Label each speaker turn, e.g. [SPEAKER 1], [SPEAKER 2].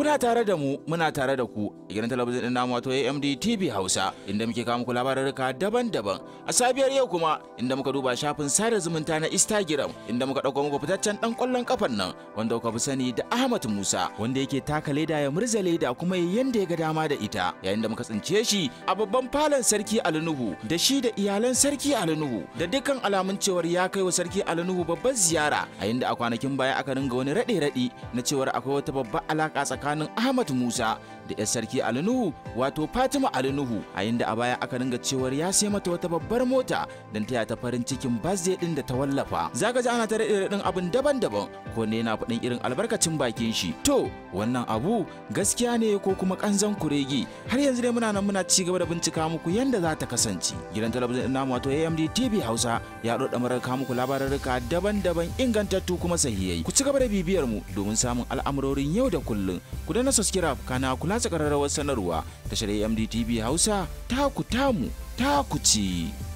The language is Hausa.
[SPEAKER 1] Kuna tare da mu muna tare da ku a gidan talabijin ɗin namu wato AMD TV Hausa inda muke kawo muku labarurruka daban-daban. A sabiyar yau kuma inda muka duba shafin sada zumunta na Instagram inda muka ɗauko muku fitaccen ɗan ƙwallon kafan nan wanda kuka fi sani da Ahmad Musa wanda yake taka leda ya murza leda kuma ya yanda ya ga dama da ita yayin da muka tsince shi a babban falon sarki Alinuhu da shi da iyalan sarki Alinuhu da dukkan alamun cewar ya kai wa sarki Alinuhu babbar ziyara a yayin da a kwanakin baya aka ringa wani raɗe-raɗi na cewar akwai wata babbar alaƙa tsakanin tsakanin Ahmad Musa da 'yar sarki Alinuhu wato Fatima Alinuhu a inda a baya aka ringa cewar ya sai mata wata babbar mota don taya ta farin cikin birthday din da ta wallafa. Zaka ji ana ta da irin abin daban-daban ko ne yana faɗin irin albarkacin bakin shi. To wannan abu gaskiya ne ko kuma kanzan kuregi har yanzu dai muna nan muna ci gaba da bincika muku yanda za ta kasance. Gidan talabijin ɗin namu wato AMD TV Hausa ya ɗo ɗamarar kawo muku labararruka daban-daban ingantattu kuma sahihai. Ku ci gaba da bibiyar mu domin samun al'amurorin yau da kullum. Ku dana subscribe kana kula katsa ƙararrawar sanarwa tashar AMD TV Hausa taku tamu taku ci